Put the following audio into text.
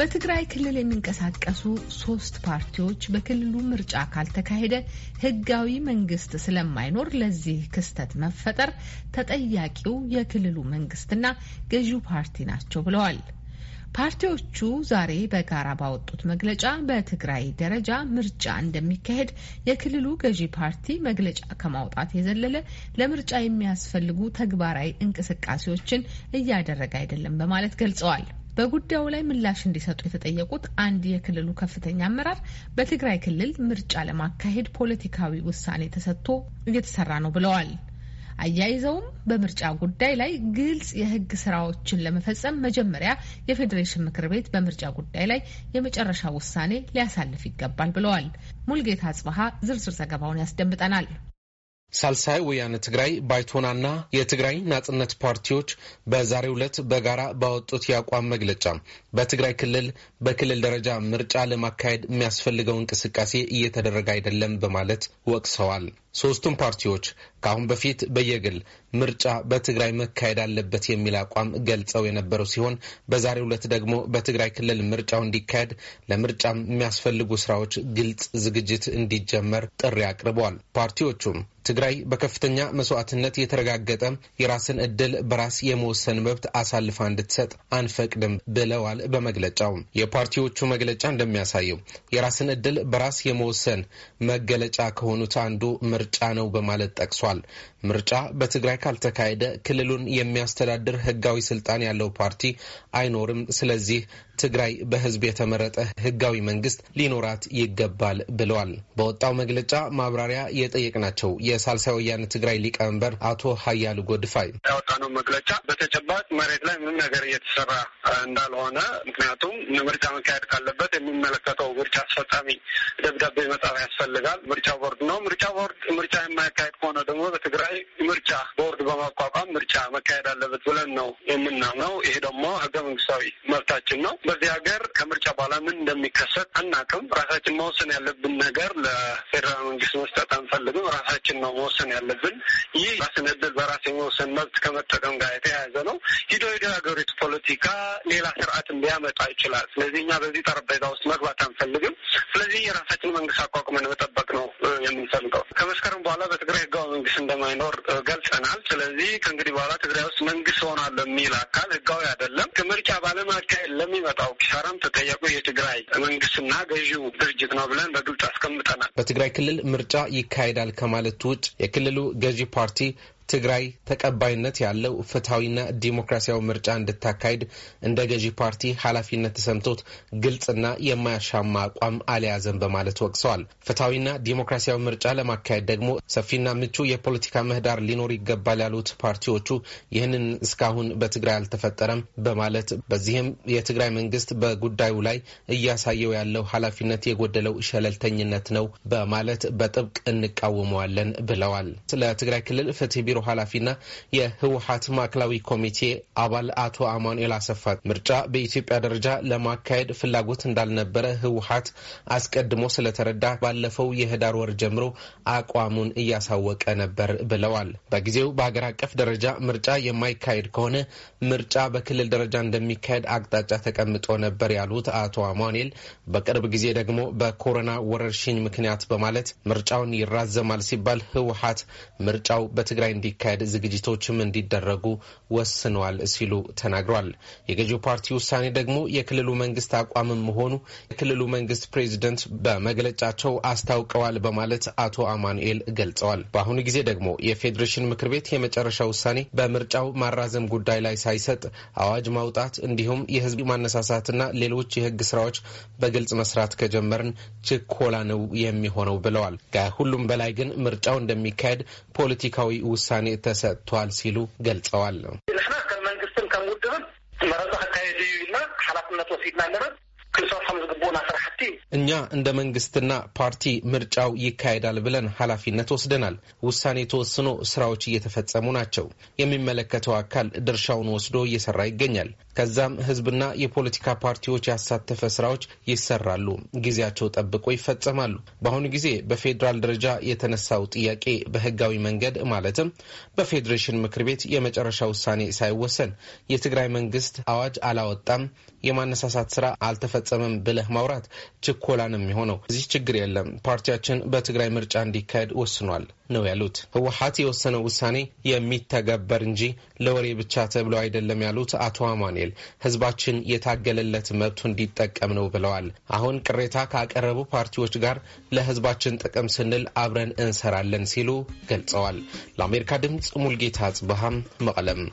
በትግራይ ክልል የሚንቀሳቀሱ ሶስት ፓርቲዎች በክልሉ ምርጫ ካልተካሄደ ህጋዊ መንግስት ስለማይኖር ለዚህ ክስተት መፈጠር ተጠያቂው የክልሉ መንግስትና ገዢው ፓርቲ ናቸው ብለዋል። ፓርቲዎቹ ዛሬ በጋራ ባወጡት መግለጫ በትግራይ ደረጃ ምርጫ እንደሚካሄድ የክልሉ ገዢ ፓርቲ መግለጫ ከማውጣት የዘለለ ለምርጫ የሚያስፈልጉ ተግባራዊ እንቅስቃሴዎችን እያደረገ አይደለም በማለት ገልጸዋል። በጉዳዩ ላይ ምላሽ እንዲሰጡ የተጠየቁት አንድ የክልሉ ከፍተኛ አመራር በትግራይ ክልል ምርጫ ለማካሄድ ፖለቲካዊ ውሳኔ ተሰጥቶ እየተሰራ ነው ብለዋል። አያይዘውም በምርጫ ጉዳይ ላይ ግልጽ የሕግ ስራዎችን ለመፈጸም መጀመሪያ የፌዴሬሽን ምክር ቤት በምርጫ ጉዳይ ላይ የመጨረሻ ውሳኔ ሊያሳልፍ ይገባል ብለዋል። ሙልጌታ አጽበሀ ዝርዝር ዘገባውን ያስደምጠናል። ሳልሳይ ወያነ ትግራይ ባይቶናና የትግራይ ናጽነት ፓርቲዎች በዛሬው ዕለት በጋራ ባወጡት የአቋም መግለጫ በትግራይ ክልል በክልል ደረጃ ምርጫ ለማካሄድ የሚያስፈልገው እንቅስቃሴ እየተደረገ አይደለም በማለት ወቅሰዋል። ሶስቱም ፓርቲዎች ከአሁን በፊት በየግል ምርጫ በትግራይ መካሄድ አለበት የሚል አቋም ገልጸው የነበረው ሲሆን በዛሬው ዕለት ደግሞ በትግራይ ክልል ምርጫው እንዲካሄድ ለምርጫም የሚያስፈልጉ ስራዎች ግልጽ ዝግጅት እንዲጀመር ጥሪ አቅርበዋል። ፓርቲዎቹም ትግራይ በከፍተኛ መስዋዕትነት የተረጋገጠ የራስን እድል በራስ የመወሰን መብት አሳልፋ እንድትሰጥ አንፈቅድም ብለዋል። በመግለጫው የፓርቲዎቹ መግለጫ እንደሚያሳየው የራስን እድል በራስ የመወሰን መገለጫ ከሆኑት አንዱ ምርጫ ነው በማለት ጠቅሷል። ምርጫ በትግራይ ካልተካሄደ ክልሉን የሚያስተዳድር ህጋዊ ስልጣን ያለው ፓርቲ አይኖርም። ስለዚህ ትግራይ በህዝብ የተመረጠ ህጋዊ መንግስት ሊኖራት ይገባል ብለዋል። በወጣው መግለጫ ማብራሪያ የጠየቅናቸው የሳልሳይ ወያነ ትግራይ ሊቀመንበር አቶ ሀያሉ ጎድፋይ ያወጣነው መግለጫ በተጨባጭ መሬት ላይ ምንም ነገር እየተሰራ እንዳልሆነ፣ ምክንያቱም ምርጫ መካሄድ ካለበት የሚመለከተው ምርጫ አስፈጻሚ ደብዳቤ መጻፍ ያስፈልጋል። ምርጫ ቦርድ ነው ምርጫ ቦርድ ምርጫ የማያካሄድ ከሆነ ደግሞ በትግራይ ምርጫ ቦርድ በማቋቋም ምርጫ መካሄድ አለበት ብለን ነው የምናምነው። ይሄ ደግሞ ህገ መንግስታዊ መብታችን ነው። በዚህ ሀገር ከምርጫ በኋላ ምን እንደሚከሰት አናቅም። ራሳችን መወሰን ያለብን ነገር ለፌዴራል መንግስት መስጠት አንፈልግም። ራሳችን ነው መወሰን ያለብን። ይህ ራስን እድል በራስ የመወሰን መብት ከመጠቀም ጋር የተያያዘ ነው። ሂዶ ሂዶ የሀገሪቱ ፖለቲካ ሌላ ስርዓትን ሊያመጣ ይችላል። ስለዚህ እኛ በዚህ ጠረጴዛ ውስጥ መግባት አንፈልግም። ስለዚህ የራሳችን መንግስት አቋቁመን መጠበቅ ነው የምንፈልገው። ከመስከረም በኋላ በትግራይ ህጋዊ መንግስት እንደማይኖር ገልጸናል። ስለዚህ ከእንግዲህ በኋላ ትግራይ ውስጥ መንግስት ሆናል የሚል አካል ህጋዊ አይደለም። ከምርጫ ባለማካሄድ ለሚመጣው ኪሳራም ተጠያቁ የትግራይ መንግስትና ገዢው ድርጅት ነው ብለን በግልጽ አስቀምጠናል። በትግራይ ክልል ምርጫ ይካሄዳል ከማለት ውጭ የክልሉ ገዢ ፓርቲ ትግራይ ተቀባይነት ያለው ፍትሐዊና ዲሞክራሲያዊ ምርጫ እንድታካሄድ እንደ ገዢ ፓርቲ ኃላፊነት ተሰምቶት ግልጽና የማያሻማ አቋም አልያዘም በማለት ወቅሰዋል። ፍትሐዊና ዲሞክራሲያዊ ምርጫ ለማካሄድ ደግሞ ሰፊና ምቹ የፖለቲካ ምህዳር ሊኖር ይገባል ያሉት ፓርቲዎቹ ይህንን እስካሁን በትግራይ አልተፈጠረም በማለት በዚህም የትግራይ መንግስት በጉዳዩ ላይ እያሳየው ያለው ኃላፊነት የጎደለው ሸለልተኝነት ነው በማለት በጥብቅ እንቃወመዋለን ብለዋል። ስለ ትግራይ ክልል ፍትህ ቢሮ ቢሮ ኃላፊና የህወሀት ማዕከላዊ ኮሚቴ አባል አቶ አማኑኤል አሰፋ ምርጫ በኢትዮጵያ ደረጃ ለማካሄድ ፍላጎት እንዳልነበረ ህወሀት አስቀድሞ ስለተረዳ ባለፈው የህዳር ወር ጀምሮ አቋሙን እያሳወቀ ነበር ብለዋል። በጊዜው በሀገር አቀፍ ደረጃ ምርጫ የማይካሄድ ከሆነ ምርጫ በክልል ደረጃ እንደሚካሄድ አቅጣጫ ተቀምጦ ነበር ያሉት አቶ አማኑኤል በቅርብ ጊዜ ደግሞ በኮሮና ወረርሽኝ ምክንያት በማለት ምርጫውን ይራዘማል ሲባል ህወሀት ምርጫው በትግራይ እንዲ እንዲካሄድ ዝግጅቶችም እንዲደረጉ ወስነዋል ሲሉ ተናግሯል። የገዢው ፓርቲ ውሳኔ ደግሞ የክልሉ መንግስት አቋምም መሆኑ የክልሉ መንግስት ፕሬዚደንት በመግለጫቸው አስታውቀዋል በማለት አቶ አማኑኤል ገልጸዋል። በአሁኑ ጊዜ ደግሞ የፌዴሬሽን ምክር ቤት የመጨረሻ ውሳኔ በምርጫው ማራዘም ጉዳይ ላይ ሳይሰጥ አዋጅ ማውጣት እንዲሁም የህዝብ ማነሳሳትና ሌሎች የህግ ስራዎች በግልጽ መስራት ከጀመርን ችኮላ ነው የሚሆነው ብለዋል። ከሁሉም በላይ ግን ምርጫው እንደሚካሄድ ፖለቲካዊ ውሳኔ ውሳኔ ተሰጥቷል ሲሉ ገልጸዋል። ንሕና ከም መንግስትን ከም ውድብን መረፃ ክካየድ እዩ ኢልና ሓላፍነት ወሲድና ንረት እኛ እንደ መንግስትና ፓርቲ ምርጫው ይካሄዳል ብለን ኃላፊነት ወስደናል። ውሳኔ ተወስኖ ስራዎች እየተፈጸሙ ናቸው። የሚመለከተው አካል ድርሻውን ወስዶ እየሰራ ይገኛል። ከዛም ህዝብና የፖለቲካ ፓርቲዎች ያሳተፈ ስራዎች ይሰራሉ፣ ጊዜያቸው ጠብቆ ይፈጸማሉ። በአሁኑ ጊዜ በፌዴራል ደረጃ የተነሳው ጥያቄ በህጋዊ መንገድ ማለትም በፌዴሬሽን ምክር ቤት የመጨረሻ ውሳኔ ሳይወሰን የትግራይ መንግስት አዋጅ አላወጣም፣ የማነሳሳት ስራ አልተፈጸመም ብለህ ማውራት ችኮላ ነው የሚሆነው። እዚህ ችግር የለም። ፓርቲያችን በትግራይ ምርጫ እንዲካሄድ ወስኗል ነው ያሉት። ህወሀት የወሰነው ውሳኔ የሚተገበር እንጂ ለወሬ ብቻ ተብለው አይደለም ያሉት አቶ አማኑኤል በሚል ህዝባችን የታገለለት መብቱ እንዲጠቀም ነው ብለዋል። አሁን ቅሬታ ካቀረቡ ፓርቲዎች ጋር ለህዝባችን ጥቅም ስንል አብረን እንሰራለን ሲሉ ገልጸዋል። ለአሜሪካ ድምፅ ሙልጌታ አጽበሃም መቀለም